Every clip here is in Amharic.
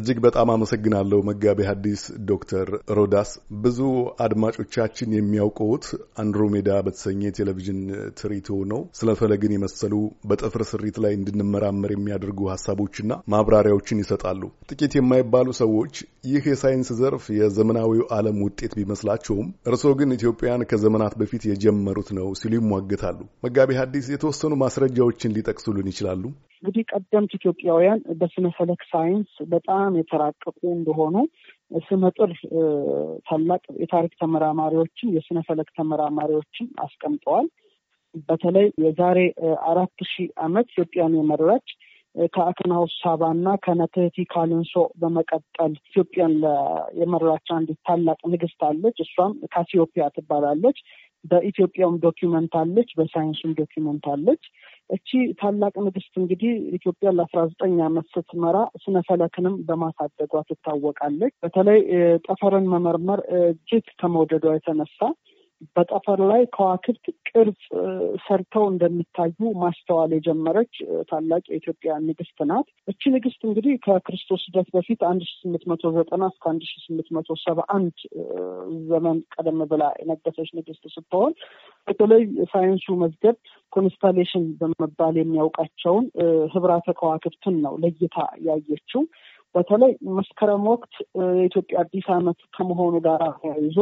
እጅግ በጣም አመሰግናለሁ መጋቤ ሐዲስ ዶክተር ሮዳስ። ብዙ አድማጮቻችን የሚያውቁት አንድሮሜዳ በተሰኘ የቴሌቪዥን ትሪቶ ነው። ስለ ፈለግን የመሰሉ በጠፍር ስሪት ላይ እንድንመራመር የሚያደርጉ ሀሳቦችና ማብራሪያዎችን ይሰጣሉ። ጥቂት የማይባሉ ሰዎች ይህ የሳይንስ ዘርፍ የዘመናዊው ዓለም ውጤት ቢመስላቸውም እርስዎ ግን ኢትዮጵያን ከዘመናት በፊት የጀመሩት ነው ሲሉ ይሟገታሉ። መጋቤ ሐዲስ የተወሰኑ ማስረጃዎችን ሊጠቅሱልን ይችላሉ? እንግዲህ ቀደምት ኢትዮጵያውያን በስነ ፈለክ ሳይንስ በጣም የተራቀቁ እንደሆኑ ስመጥር ታላቅ የታሪክ ተመራማሪዎችን የስነ ፈለክ ተመራማሪዎችን አስቀምጠዋል። በተለይ የዛሬ አራት ሺህ ዓመት ኢትዮጵያን የመረረች ከአክናውስ ሳባ እና ከነትህቲ ካልንሶ በመቀጠል ኢትዮጵያን የመረራች አንዲት ታላቅ ንግስት አለች። እሷም ካሲዮፒያ ትባላለች። በኢትዮጵያም ዶኪመንት አለች፣ በሳይንሱም ዶኪመንት አለች። እቺ ታላቅ ንግስት እንግዲህ ኢትዮጵያ ለአስራ ዘጠኝ ዓመት ስትመራ ስነፈለክንም በማሳደጓ ትታወቃለች። በተለይ ጠፈርን መመርመር እጅግ ከመውደዷ የተነሳ በጠፈር ላይ ከዋክብት ቅርጽ ሰርተው እንደሚታዩ ማስተዋል የጀመረች ታላቅ የኢትዮጵያ ንግስት ናት። እቺ ንግስት እንግዲህ ከክርስቶስ ልደት በፊት አንድ ሺ ስምንት መቶ ዘጠና እስከ አንድ ሺ ስምንት መቶ ሰባ አንድ ዘመን ቀደም ብላ የነገሰች ንግስት ስትሆን በተለይ ሳይንሱ መዝገብ ኮንስታሌሽን በመባል የሚያውቃቸውን ህብራተ ከዋክብትን ነው ለይታ ያየችው። በተለይ መስከረም ወቅት የኢትዮጵያ አዲስ ዓመት ከመሆኑ ጋር ተያይዞ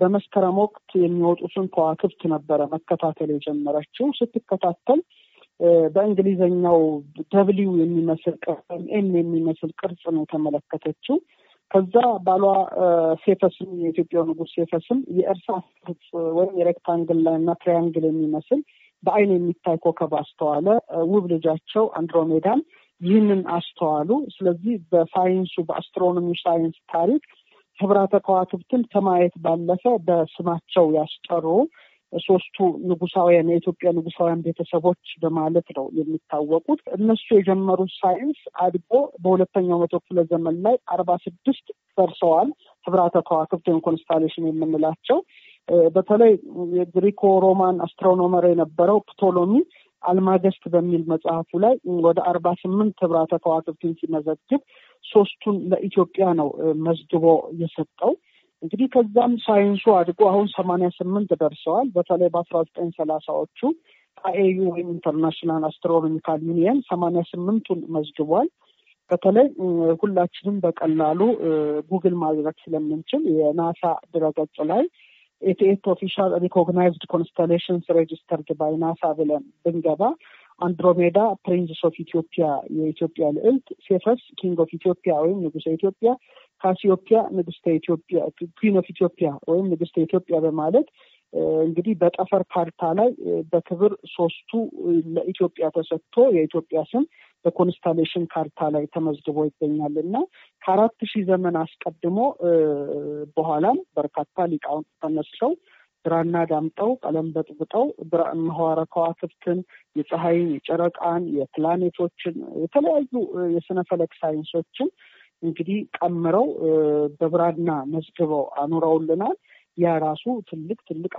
በመስከረም ወቅት የሚወጡትን ከዋክብት ነበረ መከታተል የጀመረችው። ስትከታተል በእንግሊዝኛው ደብሊው የሚመስል ቅርጽ ኤም የሚመስል ቅርጽ ነው የተመለከተችው። ከዛ ባሏ ሴፈስም የኢትዮጵያ ንጉሥ ሴፈስም የእርሳስ ቅርጽ ወይም የሬክታንግል እና ትሪያንግል የሚመስል በአይን የሚታይ ኮከብ አስተዋለ። ውብ ልጃቸው አንድሮሜዳን ይህንን አስተዋሉ። ስለዚህ በሳይንሱ በአስትሮኖሚ ሳይንስ ታሪክ ህብረተ ከዋክብትን ከማየት ባለፈ በስማቸው ያስጠሩ ሶስቱ ንጉሳውያን የኢትዮጵያ ንጉሳውያን ቤተሰቦች በማለት ነው የሚታወቁት። እነሱ የጀመሩት ሳይንስ አድጎ በሁለተኛው መቶ ክፍለ ዘመን ላይ አርባ ስድስት ደርሰዋል። ህብራተ ከዋክብት ወይም ኮንስታሌሽን የምንላቸው በተለይ የግሪኮ ሮማን አስትሮኖመር የነበረው ፕቶሎሚ አልማገስት በሚል መጽሐፉ ላይ ወደ አርባ ስምንት ህብራተ ከዋክብትን ሲመዘግብ ሶስቱን ለኢትዮጵያ ነው መዝግቦ የሰጠው። እንግዲህ ከዛም ሳይንሱ አድጎ አሁን ሰማንያ ስምንት ደርሰዋል። በተለይ በአስራ ዘጠኝ ሰላሳዎቹ አኤዩ ወይም ኢንተርናሽናል አስትሮኖሚካል ዩኒየን ሰማንያ ስምንቱን መዝግቧል። በተለይ ሁላችንም በቀላሉ ጉግል ማድረግ ስለምንችል የናሳ ድረገጽ ላይ ኢት ኦፊሻል ሪኮግናይዝድ ኮንስተሌሽንስ ሬጂስተርድ ባይ ናሳ ብለን ብንገባ አንድሮሜዳ ፕሪንዝስ ኦፍ ኢትዮጵያ የኢትዮጵያ ልዕልት፣ ሴፈስ ኪንግ ኦፍ ኢትዮጵያ ወይም ንጉሰ ኢትዮጵያ፣ ካሲዮፒያ ንግስተ ኢትዮጵያ ኩዊን ኦፍ ኢትዮጵያ ወይም ንግስተ ኢትዮጵያ በማለት እንግዲህ በጠፈር ካርታ ላይ በክብር ሶስቱ ለኢትዮጵያ ተሰጥቶ የኢትዮጵያ ስም በኮንስታሌሽን ካርታ ላይ ተመዝግቦ ይገኛል እና ከአራት ሺህ ዘመን አስቀድሞ በኋላም በርካታ ሊቃውንት ተነስተው ብራና ዳምጠው ቀለም በጥብጠው መዋረ ከዋክብትን፣ የፀሐይን፣ የጨረቃን፣ የፕላኔቶችን የተለያዩ የስነ ፈለክ ሳይንሶችን እንግዲህ ቀምረው በብራና መዝግበው አኑረውልናል። ያ ራሱ ትልቅ ትልቅ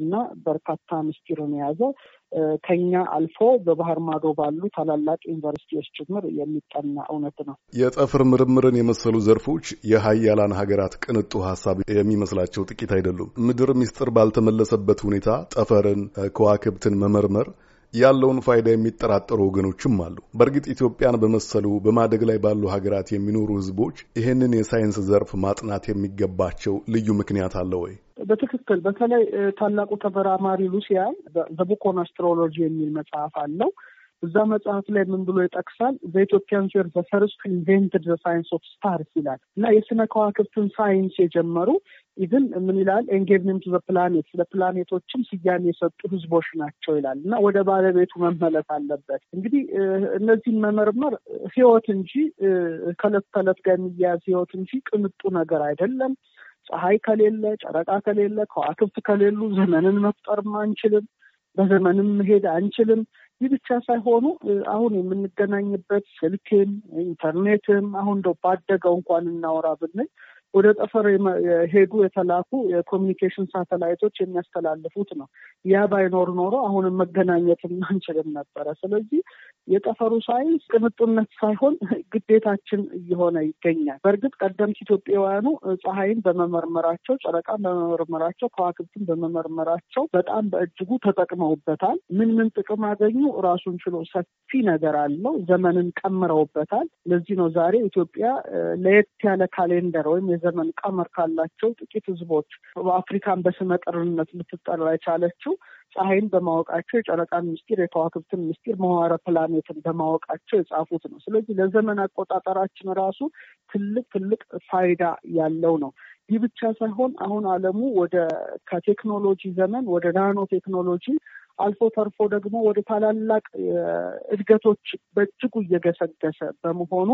እና በርካታ ምስጢርን የያዘ ከኛ አልፎ በባህር ማዶ ባሉ ታላላቅ ዩኒቨርሲቲዎች ጭምር የሚጠና እውነት ነው። የጠፍር ምርምርን የመሰሉ ዘርፎች የሀያላን ሀገራት ቅንጡ ሀሳብ የሚመስላቸው ጥቂት አይደሉም። ምድር ምስጢር ባልተመለሰበት ሁኔታ ጠፈርን፣ ከዋክብትን መመርመር ያለውን ፋይዳ የሚጠራጠሩ ወገኖችም አሉ። በእርግጥ ኢትዮጵያን በመሰሉ በማደግ ላይ ባሉ ሀገራት የሚኖሩ ህዝቦች ይህንን የሳይንስ ዘርፍ ማጥናት የሚገባቸው ልዩ ምክንያት አለ ወይ? በትክክል በተለይ ታላቁ ተመራማሪ ሉሲያን ዘቡኮን አስትሮሎጂ የሚል መጽሐፍ አለው። እዛ መጽሐፍ ላይ ምን ብሎ ይጠቅሳል? በኢትዮጵያን ር በፈርስቱ ኢንቨንትድ ሳይንስ ኦፍ ስታርስ ይላል እና የስነ ከዋክብትን ሳይንስ የጀመሩ ኢቭን ምን ይላል ኤንጌቭኒም ቱ ፕላኔት ለፕላኔቶችም ስያሜ የሰጡ ህዝቦች ናቸው ይላል እና ወደ ባለቤቱ መመለስ አለበት። እንግዲህ እነዚህን መመርመር ህይወት እንጂ ከእለት ተዕለት ጋር የሚያያዝ ህይወት እንጂ ቅንጡ ነገር አይደለም። ፀሐይ ከሌለ፣ ጨረቃ ከሌለ፣ ከዋክብት ከሌሉ ዘመንን መፍጠርም አንችልም። በዘመንም መሄድ አንችልም። ይህ ብቻ ሳይሆኑ አሁን የምንገናኝበት ስልክም ኢንተርኔትም አሁን እንደው ባደገው እንኳን እናወራ ብንል ወደ ጠፈር የሄዱ የተላኩ የኮሚኒኬሽን ሳተላይቶች የሚያስተላልፉት ነው። ያ ባይኖር ኖሮ አሁንም መገናኘት አንችልም ነበረ። ስለዚህ የጠፈሩ ሳይንስ ቅንጡነት ሳይሆን ግዴታችን እየሆነ ይገኛል። በእርግጥ ቀደምት ኢትዮጵያውያኑ ፀሐይን በመመርመራቸው፣ ጨረቃን በመመርመራቸው፣ ከዋክብትን በመመርመራቸው በጣም በእጅጉ ተጠቅመውበታል። ምን ምን ጥቅም አገኙ? ራሱን ችሎ ሰፊ ነገር አለው። ዘመንን ቀምረውበታል። ለዚህ ነው ዛሬ ኢትዮጵያ ለየት ያለ ካሌንደር ወይም ዘመን ቀመር ካላቸው ጥቂት ህዝቦች በአፍሪካን በስመጥርነት ልትጠራ የቻለችው ፀሐይን በማወቃቸው የጨረቃን ምስጢር፣ የከዋክብትን ምስጢር፣ መዋረ ፕላኔትን በማወቃቸው የጻፉት ነው። ስለዚህ ለዘመን አቆጣጠራችን ራሱ ትልቅ ትልቅ ፋይዳ ያለው ነው። ይህ ብቻ ሳይሆን አሁን ዓለሙ ወደ ከቴክኖሎጂ ዘመን ወደ ናኖ ቴክኖሎጂ አልፎ ተርፎ ደግሞ ወደ ታላላቅ እድገቶች በእጅጉ እየገሰገሰ በመሆኑ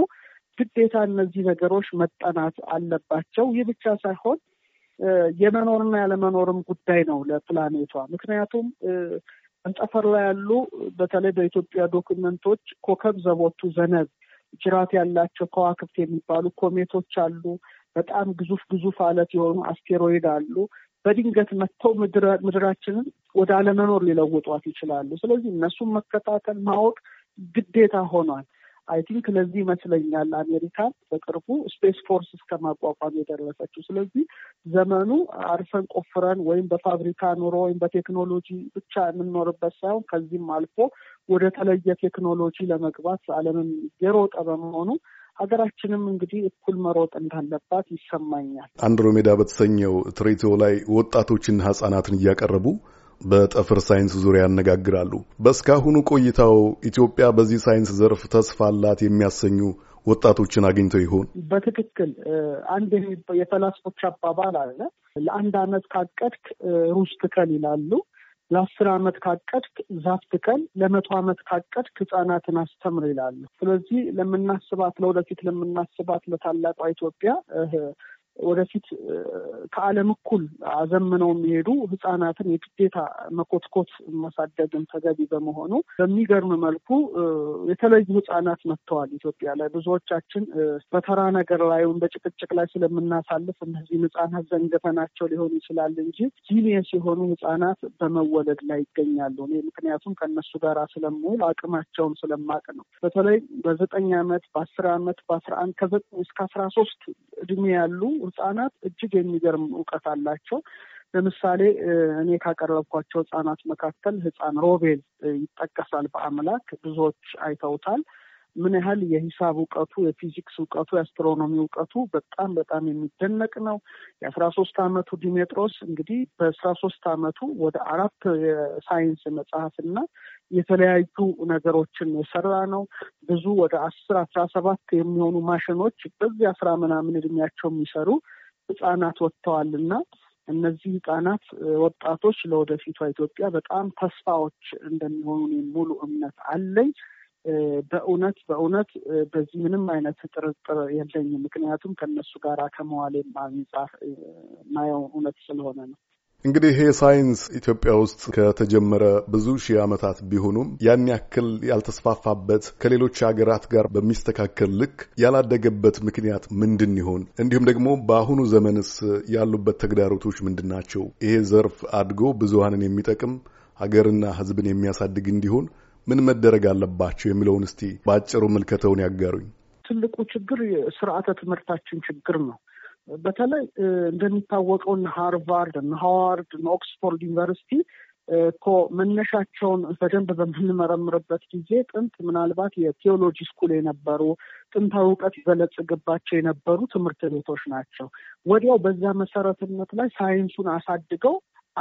ግዴታ እነዚህ ነገሮች መጠናት አለባቸው። ይህ ብቻ ሳይሆን የመኖርና ያለመኖርም ጉዳይ ነው ለፕላኔቷ። ምክንያቱም እንጠፈር ላይ ያሉ በተለይ በኢትዮጵያ ዶክመንቶች ኮከብ ዘቦቱ ዘነብ ጅራት ያላቸው ከዋክብት የሚባሉ ኮሜቶች አሉ። በጣም ግዙፍ ግዙፍ አለት የሆኑ አስቴሮይድ አሉ። በድንገት መጥተው ምድራችንን ወደ አለመኖር ሊለውጧት ይችላሉ። ስለዚህ እነሱን መከታተል ማወቅ ግዴታ ሆኗል። አይ ቲንክ ለዚህ ይመስለኛል አሜሪካን በቅርቡ ስፔስ ፎርስ እስከ ማቋቋም የደረሰችው። ስለዚህ ዘመኑ አርፈን ቆፍረን ወይም በፋብሪካ ኑሮ ወይም በቴክኖሎጂ ብቻ የምንኖርበት ሳይሆን ከዚህም አልፎ ወደ ተለየ ቴክኖሎጂ ለመግባት ዓለምን የሮጠ በመሆኑ ሀገራችንም እንግዲህ እኩል መሮጥ እንዳለባት ይሰማኛል። አንድሮሜዳ በተሰኘው ትሬቶ ላይ ወጣቶችና ህጻናትን እያቀረቡ በጠፈር ሳይንስ ዙሪያ ያነጋግራሉ። በእስካሁኑ ቆይታው ኢትዮጵያ በዚህ ሳይንስ ዘርፍ ተስፋ አላት የሚያሰኙ ወጣቶችን አግኝተው ይሆን? በትክክል አንድ የፈላስፎች አባባል አለ። ለአንድ ዓመት ካቀድክ ሩዝ ትከል ይላሉ። ለአስር ዓመት ካቀድክ ዛፍ ትከል፣ ለመቶ ዓመት ካቀድክ ህጻናትን አስተምር ይላሉ። ስለዚህ ለምናስባት ለወደፊት ለምናስባት ለታላቋ ኢትዮጵያ ወደፊት ከዓለም እኩል አዘምነው የሚሄዱ ህጻናትን የግዴታ መኮትኮት ማሳደግም ተገቢ በመሆኑ በሚገርም መልኩ የተለዩ ህጻናት መጥተዋል ኢትዮጵያ ላይ። ብዙዎቻችን በተራ ነገር ላይ ወይም በጭቅጭቅ ላይ ስለምናሳልፍ እነዚህም ህጻናት ዘንግተናቸው ሊሆን ይችላል እንጂ ጂኒየስ የሆኑ ህጻናት በመወለድ ላይ ይገኛሉ። እኔ ምክንያቱም ከእነሱ ጋር ስለምውል አቅማቸውን ስለማቅ ነው። በተለይ በዘጠኝ ዓመት በአስር ዓመት በአስራ አንድ ከዘጠኝ እስከ አስራ ሶስት እድሜ ያሉ ህጻናት እጅግ የሚገርም እውቀት አላቸው። ለምሳሌ እኔ ካቀረብኳቸው ህጻናት መካከል ህጻን ሮቤል ይጠቀሳል። በአምላክ ብዙዎች አይተውታል። ምን ያህል የሂሳብ እውቀቱ፣ የፊዚክስ እውቀቱ፣ የአስትሮኖሚ እውቀቱ በጣም በጣም የሚደነቅ ነው። የአስራ ሶስት አመቱ ዲሜጥሮስ እንግዲህ በአስራ ሶስት አመቱ ወደ አራት የሳይንስ መጽሐፍና የተለያዩ ነገሮችን የሰራ ነው። ብዙ ወደ አስር አስራ ሰባት የሚሆኑ ማሽኖች በዚያ ስራ ምናምን እድሜያቸው የሚሰሩ ህጻናት ወጥተዋል እና እነዚህ ህጻናት ወጣቶች ለወደፊቷ ኢትዮጵያ በጣም ተስፋዎች እንደሚሆኑ ሙሉ እምነት አለኝ። በእውነት በእውነት በዚህ ምንም አይነት ጥርጥር የለኝም። ምክንያቱም ከእነሱ ጋር ከመዋሌ አንጻር ማየው እውነት ስለሆነ ነው። እንግዲህ ይሄ ሳይንስ ኢትዮጵያ ውስጥ ከተጀመረ ብዙ ሺህ ዓመታት ቢሆኑም ያን ያክል ያልተስፋፋበት ከሌሎች ሀገራት ጋር በሚስተካከል ልክ ያላደገበት ምክንያት ምንድን ይሆን? እንዲሁም ደግሞ በአሁኑ ዘመንስ ያሉበት ተግዳሮቶች ምንድን ናቸው? ይሄ ዘርፍ አድጎ ብዙሃንን የሚጠቅም ሀገርና ሕዝብን የሚያሳድግ እንዲሆን ምን መደረግ አለባቸው የሚለውን እስቲ በአጭሩ ምልከተውን ያጋሩኝ። ትልቁ ችግር የስርዓተ ትምህርታችን ችግር ነው። በተለይ እንደሚታወቀው እነ ሃርቫርድ እነ ሃዋርድ እነ ኦክስፎርድ ዩኒቨርሲቲ እኮ መነሻቸውን በደንብ በምንመረምርበት ጊዜ ጥንት ምናልባት የቴዎሎጂ ስኩል የነበሩ ጥንታዊ እውቀት ይበለጽግባቸው የነበሩ ትምህርት ቤቶች ናቸው። ወዲያው በዛ መሰረትነት ላይ ሳይንሱን አሳድገው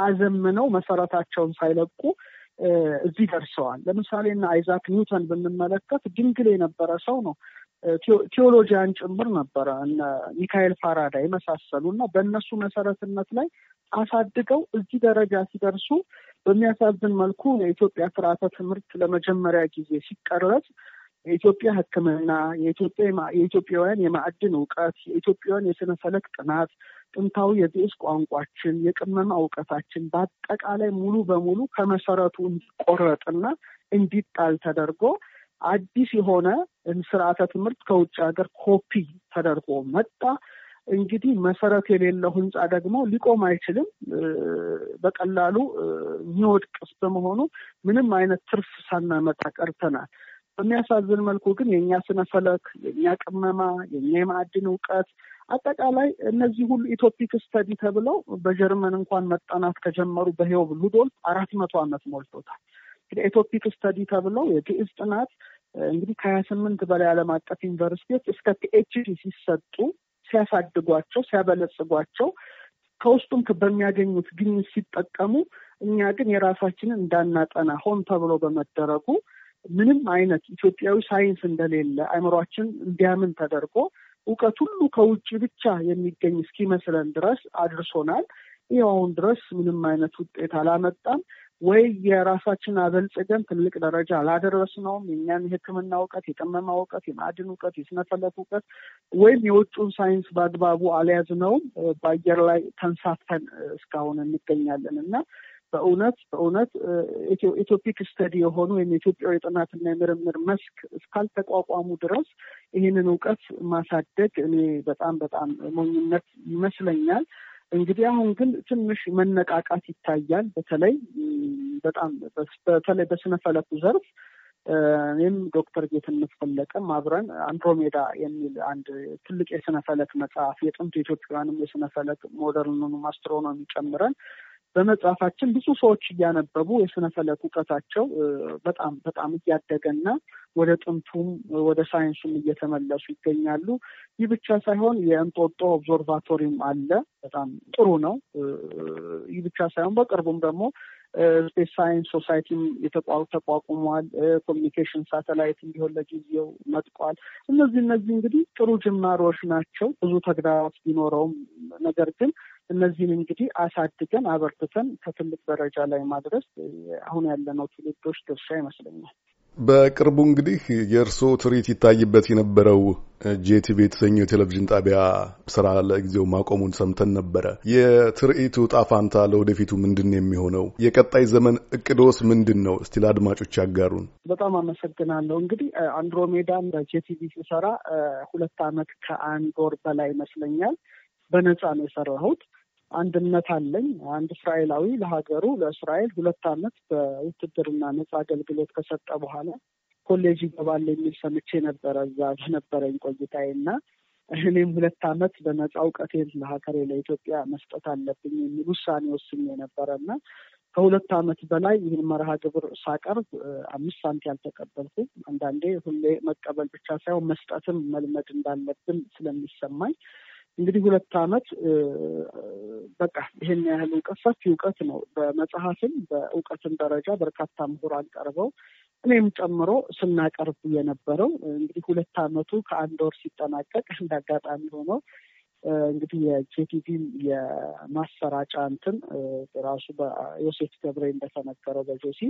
አዘምነው መሰረታቸውን ሳይለቁ እዚህ ደርሰዋል። ለምሳሌ እና አይዛክ ኒውተን ብንመለከት ድንግል የነበረ ሰው ነው። ቴዎሎጂያን ጭምር ነበረ እነ ሚካኤል ፋራዳ የመሳሰሉ እና በእነሱ መሰረትነት ላይ አሳድገው እዚህ ደረጃ ሲደርሱ በሚያሳዝን መልኩ የኢትዮጵያ ስርዓተ ትምህርት ለመጀመሪያ ጊዜ ሲቀረጽ የኢትዮጵያ ሕክምና፣ የኢትዮጵያውያን የማዕድን እውቀት፣ የኢትዮጵያውያን የስነ ፈለክ ጥናት፣ ጥንታዊ የግዕዝ ቋንቋችን፣ የቅመማ እውቀታችን በአጠቃላይ ሙሉ በሙሉ ከመሰረቱ እንዲቆረጥና እንዲጣል ተደርጎ አዲስ የሆነ ስርዓተ ትምህርት ከውጭ ሀገር ኮፒ ተደርጎ መጣ። እንግዲህ መሰረት የሌለው ህንፃ ደግሞ ሊቆም አይችልም። በቀላሉ የሚወድቅስ በመሆኑ ምንም አይነት ትርፍ ሳናመጣ ቀርተናል። በሚያሳዝን መልኩ ግን የእኛ ስነ ፈለክ፣ የእኛ ቅመማ፣ የእኛ የማዕድን እውቀት አጠቃላይ እነዚህ ሁሉ ኢትዮፒክ ስተዲ ተብለው በጀርመን እንኳን መጠናት ከጀመሩ በሄው ሉዶልፍ አራት መቶ ዓመት ሞልቶታል። ኤቶፒክ ስተዲ ተብለው የፒኤስ ጥናት እንግዲህ ከሀያ ስምንት በላይ ዓለም አቀፍ ዩኒቨርሲቲዎች እስከ ፒኤችዲ ሲሰጡ ሲያሳድጓቸው ሲያበለጽጓቸው ከውስጡም በሚያገኙት ግኝት ሲጠቀሙ እኛ ግን የራሳችንን እንዳናጠና ሆን ተብሎ በመደረጉ ምንም አይነት ኢትዮጵያዊ ሳይንስ እንደሌለ አይምሯችን እንዲያምን ተደርጎ እውቀት ሁሉ ከውጭ ብቻ የሚገኝ እስኪመስለን ድረስ አድርሶናል። ይኸው አሁን ድረስ ምንም አይነት ውጤት አላመጣም። ወይ የራሳችን አበልጽገን ትልቅ ደረጃ አላደረስነውም። የእኛን የሕክምና እውቀት፣ የቅመማ እውቀት፣ የማዕድን እውቀት፣ የስነፈለክ እውቀት ወይም የውጩን ሳይንስ በአግባቡ አልያዝነውም። በአየር ላይ ተንሳፈን እስካሁን እንገኛለን እና በእውነት በእውነት ኢትዮፒክ ስተዲ የሆኑ ወይም የኢትዮጵያ የጥናትና የምርምር መስክ እስካልተቋቋሙ ድረስ ይህንን እውቀት ማሳደግ እኔ በጣም በጣም ሞኝነት ይመስለኛል። እንግዲህ አሁን ግን ትንሽ መነቃቃት ይታያል። በተለይ በጣም በተለይ በስነፈለኩ ዘርፍ እኔም ዶክተር ጌትነት ፈለቀም አብረን አንድሮሜዳ የሚል አንድ ትልቅ የስነፈለክ መጽሐፍ የጥንት ኢትዮጵያውያንም የስነፈለክ ሞደርኑንም አስትሮኖሚ ጨምረን በመጽሐፋችን ብዙ ሰዎች እያነበቡ የስነ ፈለክ እውቀታቸው በጣም በጣም እያደገና ወደ ጥንቱም ወደ ሳይንሱም እየተመለሱ ይገኛሉ። ይህ ብቻ ሳይሆን የእንጦጦ ኦብዘርቫቶሪም አለ፣ በጣም ጥሩ ነው። ይህ ብቻ ሳይሆን በቅርቡም ደግሞ ስፔስ ሳይንስ ሶሳይቲም ተቋቁሟል። ኮሚኒኬሽን ሳተላይት እንዲሆን ለጊዜው መጥቋል። እነዚህ እነዚህ እንግዲህ ጥሩ ጅማሮች ናቸው። ብዙ ተግዳሮት ቢኖረውም ነገር ግን እነዚህን እንግዲህ አሳድገን አበርትተን ከትልቅ ደረጃ ላይ ማድረስ አሁን ያለነው ትውልዶች ድርሻ ይመስለኛል። በቅርቡ እንግዲህ የእርስዎ ትርኢት ይታይበት የነበረው ጄቲቪ የተሰኘው የቴሌቪዥን ጣቢያ ስራ ለጊዜው ማቆሙን ሰምተን ነበረ። የትርኢቱ ጣፋንታ ለወደፊቱ ምንድን ነው የሚሆነው? የቀጣይ ዘመን እቅዶስ ምንድን ነው? እስቲ ለአድማጮች ያጋሩን። በጣም አመሰግናለሁ። እንግዲህ አንድሮሜዳን በጄቲቪ ሲሰራ ሁለት ዓመት ከአንድ ወር በላይ ይመስለኛል በነፃ ነው የሰራሁት። አንድነት አለኝ። አንድ እስራኤላዊ ለሀገሩ ለእስራኤል ሁለት ዓመት በውትድርና ነጻ አገልግሎት ከሰጠ በኋላ ኮሌጅ ይገባል የሚል ሰምቼ ነበረ እዛ በነበረኝ ቆይታዬ እና እኔም ሁለት ዓመት በነጻ እውቀቴን ለሀገሬ ለኢትዮጵያ መስጠት አለብኝ የሚል ውሳኔ ወስኜ ነበረ እና ከሁለት ዓመት በላይ ይህን መርሃ ግብር ሳቀርብ አምስት ሳንት ያልተቀበልኩ። አንዳንዴ ሁሌ መቀበል ብቻ ሳይሆን መስጠትም መልመድ እንዳለብን ስለሚሰማኝ እንግዲህ ሁለት ዓመት በቃ ይህን ያህል እውቀት ሰፊ እውቀት ነው። በመጽሐፍም በእውቀትም ደረጃ በርካታ ምሁራን ቀርበው እኔም ጨምሮ ስናቀርብ የነበረው እንግዲህ ሁለት ዓመቱ ከአንድ ወር ሲጠናቀቅ እንደ አጋጣሚ ሆኖ እንግዲህ የጄቲቪ የማሰራጫ እንትን ራሱ በዮሴፍ ገብሬ እንደተነገረው በጆሲ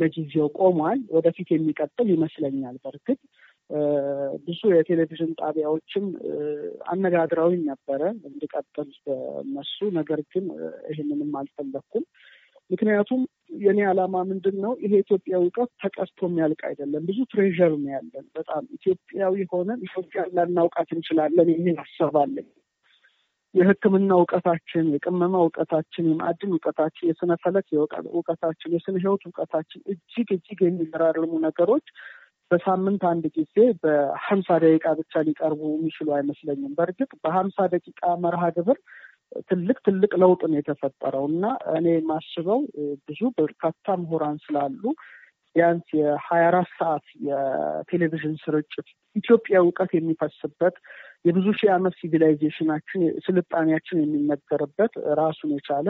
ለጊዜው ቆሟል። ወደፊት የሚቀጥል ይመስለኛል በእርግጥ ብዙ የቴሌቪዥን ጣቢያዎችም አነጋግረውኝ ነበረ እንድቀጥል በእነሱ። ነገር ግን ይህንንም አልፈለኩም። ምክንያቱም የኔ ዓላማ ምንድን ነው? ይሄ ኢትዮጵያዊ እውቀት ተቀስቶ የሚያልቅ አይደለም። ብዙ ትሬዠር ነው ያለን። በጣም ኢትዮጵያዊ ሆነን ኢትዮጵያን ላናውቃት እንችላለን የሚል ሀሳብ የሕክምና እውቀታችን፣ የቅመማ እውቀታችን፣ የማዕድን እውቀታችን፣ የስነ ፈለክ እውቀታችን፣ የስነ ህይወት እውቀታችን እጅግ እጅግ የሚገራርሙ ነገሮች በሳምንት አንድ ጊዜ በሀምሳ ደቂቃ ብቻ ሊቀርቡ የሚችሉ አይመስለኝም። በእርግጥ በሀምሳ ደቂቃ መርሃ ግብር ትልቅ ትልቅ ለውጥ ነው የተፈጠረው እና እኔ የማስበው ብዙ በርካታ ምሁራን ስላሉ ቢያንስ የሀያ አራት ሰዓት የቴሌቪዥን ስርጭት ኢትዮጵያ እውቀት የሚፈስበት የብዙ ሺህ ዓመት ሲቪላይዜሽናችን ስልጣኔያችን የሚነገርበት ራሱን የቻለ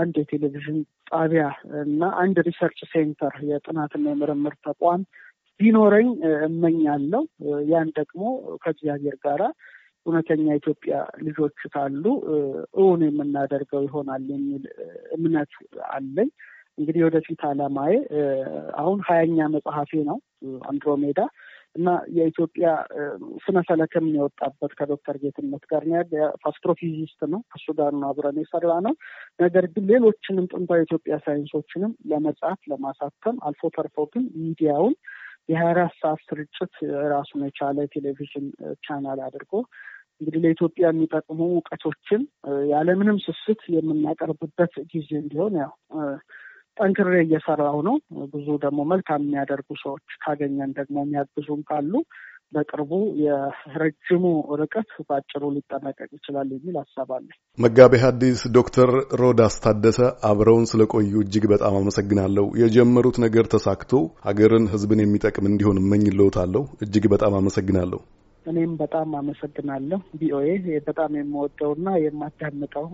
አንድ የቴሌቪዥን ጣቢያ እና አንድ ሪሰርች ሴንተር የጥናትና የምርምር ተቋም ቢኖረኝ እመኛለሁ። ያን ደግሞ ከእግዚአብሔር ጋር እውነተኛ ኢትዮጵያ ልጆች ካሉ እውን የምናደርገው ይሆናል የሚል እምነት አለኝ። እንግዲህ ወደፊት አላማዬ አሁን ሀያኛ መጽሐፌ ነው አንድሮሜዳ እና የኢትዮጵያ ስነ ፈለክም የወጣበት ከዶክተር ጌትነት ጋር አስትሮፊዚስት ነው። ከሱ ጋር ነው አብረን የሰራ ነው። ነገር ግን ሌሎችንም ጥንታዊ የኢትዮጵያ ሳይንሶችንም ለመጻፍ ለማሳተም አልፎ ተርፎ ግን ሚዲያውን የሀያ አራት ሰዓት ስርጭት ራሱን የቻለ ቴሌቪዥን ቻናል አድርጎ እንግዲህ ለኢትዮጵያ የሚጠቅሙ እውቀቶችን ያለምንም ስስት የምናቀርብበት ጊዜ እንዲሆን ያው ጠንክሬ እየሰራሁ ነው። ብዙ ደግሞ መልካም የሚያደርጉ ሰዎች ካገኘን ደግሞ የሚያግዙም ካሉ በቅርቡ የረጅሙ ርቀት በአጭሩ ሊጠናቀቅ ይችላል የሚል ሀሳብ አለ። መጋቤ ሐዲስ ዶክተር ሮዳስ ታደሰ አብረውን ስለቆዩ እጅግ በጣም አመሰግናለሁ። የጀመሩት ነገር ተሳክቶ ሀገርን፣ ህዝብን የሚጠቅም እንዲሆን እመኝልዎታለሁ። እጅግ በጣም አመሰግናለሁ። እኔም በጣም አመሰግናለሁ። ቪኦኤ በጣም የምወደውና የማዳምጠው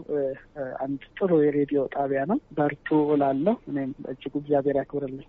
አንድ ጥሩ የሬዲዮ ጣቢያ ነው። በርቱ እላለሁ። እኔም እጅጉ እግዚአብሔር ያክብርልኝ።